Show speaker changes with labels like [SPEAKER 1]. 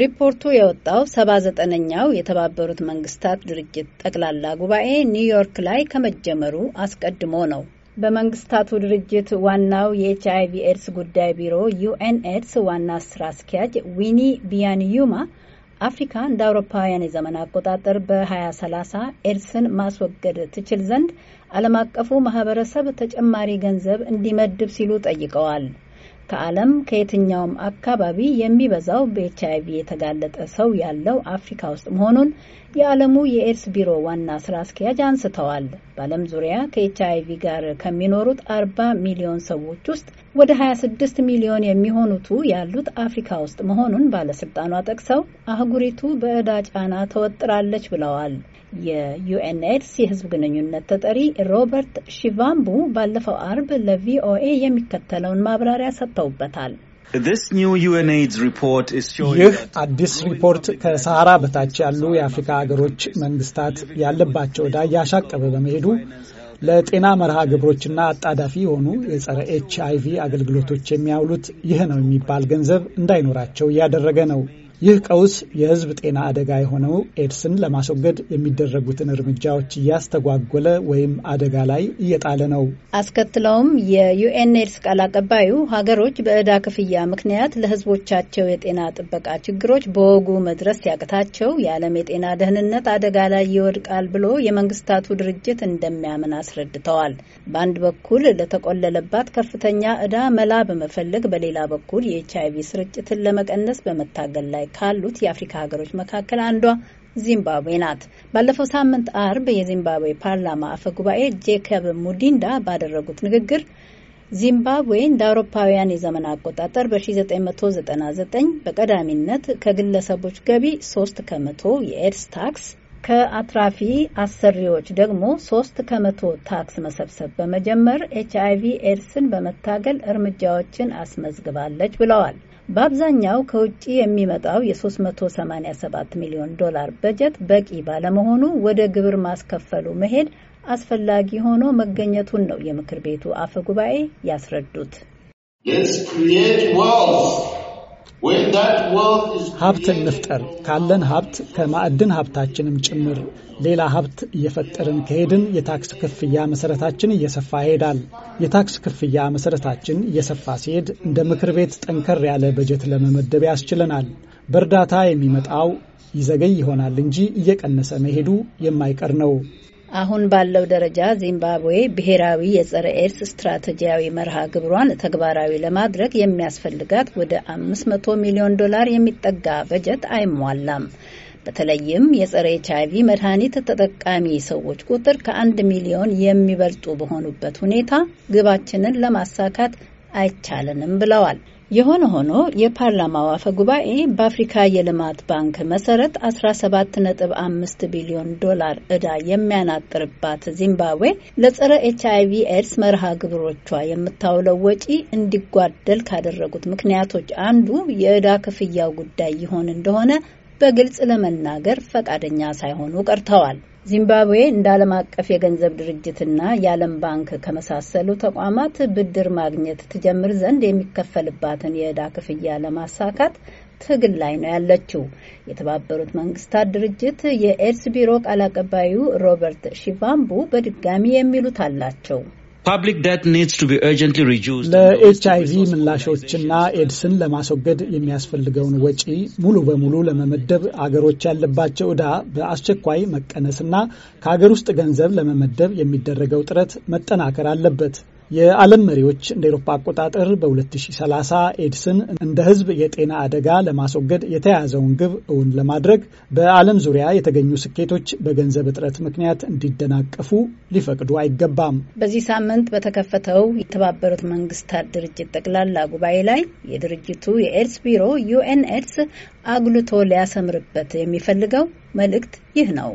[SPEAKER 1] ሪፖርቱ የወጣው 79ኛው የተባበሩት መንግስታት ድርጅት ጠቅላላ ጉባኤ ኒውዮርክ ላይ ከመጀመሩ አስቀድሞ ነው። በመንግስታቱ ድርጅት ዋናው የኤች አይቪ ኤድስ ጉዳይ ቢሮ ዩኤን ኤድስ ዋና ስራ አስኪያጅ ዊኒ ቢያንዩማ አፍሪካ እንደ አውሮፓውያን የዘመን አቆጣጠር በ2030 ኤድስን ማስወገድ ትችል ዘንድ ዓለም አቀፉ ማህበረሰብ ተጨማሪ ገንዘብ እንዲመድብ ሲሉ ጠይቀዋል። ከዓለም ከየትኛውም አካባቢ የሚበዛው በኤች አይቪ የተጋለጠ ሰው ያለው አፍሪካ ውስጥ መሆኑን የዓለሙ የኤድስ ቢሮ ዋና ስራ አስኪያጅ አንስተዋል። በዓለም ዙሪያ ከኤች አይቪ ጋር ከሚኖሩት 40 ሚሊዮን ሰዎች ውስጥ ወደ 26 ሚሊዮን የሚሆኑቱ ያሉት አፍሪካ ውስጥ መሆኑን ባለስልጣኗ ጠቅሰው አህጉሪቱ በዕዳ ጫና ተወጥራለች ብለዋል። የዩኤንኤድስ የህዝብ ግንኙነት ተጠሪ ሮበርት ሺቫምቡ ባለፈው አርብ ለቪኦኤ የሚከተለውን ማብራሪያ ሰጥተውበታል።
[SPEAKER 2] ይህ አዲስ ሪፖርት ከሰሃራ በታች ያሉ የአፍሪካ ሀገሮች መንግስታት ያለባቸው ዕዳ እያሻቀበ በመሄዱ ለጤና መርሃ ግብሮችና አጣዳፊ የሆኑ የጸረ ኤች አገልግሎቶች የሚያውሉት ይህ ነው የሚባል ገንዘብ እንዳይኖራቸው እያደረገ ነው። ይህ ቀውስ የህዝብ ጤና አደጋ የሆነው ኤድስን ለማስወገድ የሚደረጉትን እርምጃዎች እያስተጓጎለ ወይም አደጋ ላይ እየጣለ ነው።
[SPEAKER 1] አስከትለውም የዩኤን ኤድስ ቃል አቀባዩ ሀገሮች በእዳ ክፍያ ምክንያት ለህዝቦቻቸው የጤና ጥበቃ ችግሮች በወጉ መድረስ ሲያቅታቸው የዓለም የጤና ደህንነት አደጋ ላይ ይወድቃል ብሎ የመንግስታቱ ድርጅት እንደሚያምን አስረድተዋል። በአንድ በኩል ለተቆለለባት ከፍተኛ እዳ መላ በመፈለግ በሌላ በኩል የኤች አይቪ ስርጭትን ለመቀነስ በመታገል ላይ ካሉት የአፍሪካ ሀገሮች መካከል አንዷ ዚምባብዌ ናት። ባለፈው ሳምንት አርብ የዚምባብዌ ፓርላማ አፈ ጉባኤ ጄከብ ሙዲንዳ ባደረጉት ንግግር ዚምባብዌ እንደ አውሮፓውያን የዘመን አቆጣጠር በ1999 በቀዳሚነት ከግለሰቦች ገቢ 3 ከመቶ የኤድስ ታክስ ከአትራፊ አሰሪዎች ደግሞ 3 ከመቶ ታክስ መሰብሰብ በመጀመር ኤች አይቪ ኤድስን በመታገል እርምጃዎችን አስመዝግባለች ብለዋል። በአብዛኛው ከውጭ የሚመጣው የ387 ሚሊዮን ዶላር በጀት በቂ ባለመሆኑ ወደ ግብር ማስከፈሉ መሄድ አስፈላጊ ሆኖ መገኘቱን ነው የምክር ቤቱ አፈ ጉባኤ ያስረዱት።
[SPEAKER 2] ሀብትን እንፍጠር። ካለን ሀብት ከማዕድን ሀብታችንም ጭምር ሌላ ሀብት እየፈጠርን ከሄድን የታክስ ክፍያ መሰረታችን እየሰፋ ይሄዳል። የታክስ ክፍያ መሰረታችን እየሰፋ ሲሄድ እንደ ምክር ቤት ጠንከር ያለ በጀት ለመመደብ ያስችለናል። በእርዳታ የሚመጣው ይዘገይ ይሆናል እንጂ እየቀነሰ መሄዱ የማይቀር ነው።
[SPEAKER 1] አሁን ባለው ደረጃ ዚምባብዌ ብሔራዊ የጸረ ኤድስ ስትራቴጂያዊ መርሃ ግብሯን ተግባራዊ ለማድረግ የሚያስፈልጋት ወደ 500 ሚሊዮን ዶላር የሚጠጋ በጀት አይሟላም። በተለይም የጸረ ኤች አይቪ መድኃኒት ተጠቃሚ ሰዎች ቁጥር ከአንድ ሚሊዮን የሚበልጡ በሆኑበት ሁኔታ ግባችንን ለማሳካት አይቻለንም ብለዋል። የሆነ ሆኖ የፓርላማው አፈ ጉባኤ በአፍሪካ የልማት ባንክ መሰረት 17.5 ቢሊዮን ዶላር ዕዳ የሚያናጥርባት ዚምባብዌ ለጸረ ኤች ቪ ኤድስ መርሃ ግብሮቿ የምታውለው ወጪ እንዲጓደል ካደረጉት ምክንያቶች አንዱ የእዳ ክፍያው ጉዳይ ይሆን እንደሆነ በግልጽ ለመናገር ፈቃደኛ ሳይሆኑ ቀርተዋል። ዚምባብዌ እንደ ዓለም አቀፍ የገንዘብ ድርጅትና የዓለም ባንክ ከመሳሰሉ ተቋማት ብድር ማግኘት ትጀምር ዘንድ የሚከፈልባትን የዕዳ ክፍያ ለማሳካት ትግል ላይ ነው ያለችው። የተባበሩት መንግስታት ድርጅት የኤድስ ቢሮ ቃል አቀባዩ ሮበርት ሺቫምቡ በድጋሚ የሚሉት አላቸው። ለኤች አይቪ
[SPEAKER 2] ምላሾችና ኤድስን ለማስወገድ የሚያስፈልገውን ወጪ ሙሉ በሙሉ ለመመደብ አገሮች ያለባቸው ዕዳ በአስቸኳይ መቀነስና ከሀገር ውስጥ ገንዘብ ለመመደብ የሚደረገው ጥረት መጠናከር አለበት። የዓለም መሪዎች እንደ ኤሮፓ አቆጣጠር በ2030 ኤድስን እንደ ሕዝብ የጤና አደጋ ለማስወገድ የተያዘውን ግብ እውን ለማድረግ በዓለም ዙሪያ የተገኙ ስኬቶች በገንዘብ እጥረት ምክንያት እንዲደናቀፉ ሊፈቅዱ አይገባም።
[SPEAKER 1] በዚህ ሳምንት በተከፈተው የተባበሩት መንግስታት ድርጅት ጠቅላላ ጉባኤ ላይ የድርጅቱ የኤድስ ቢሮ ዩኤን ኤድስ አጉልቶ ሊያሰምርበት የሚፈልገው መልእክት ይህ ነው።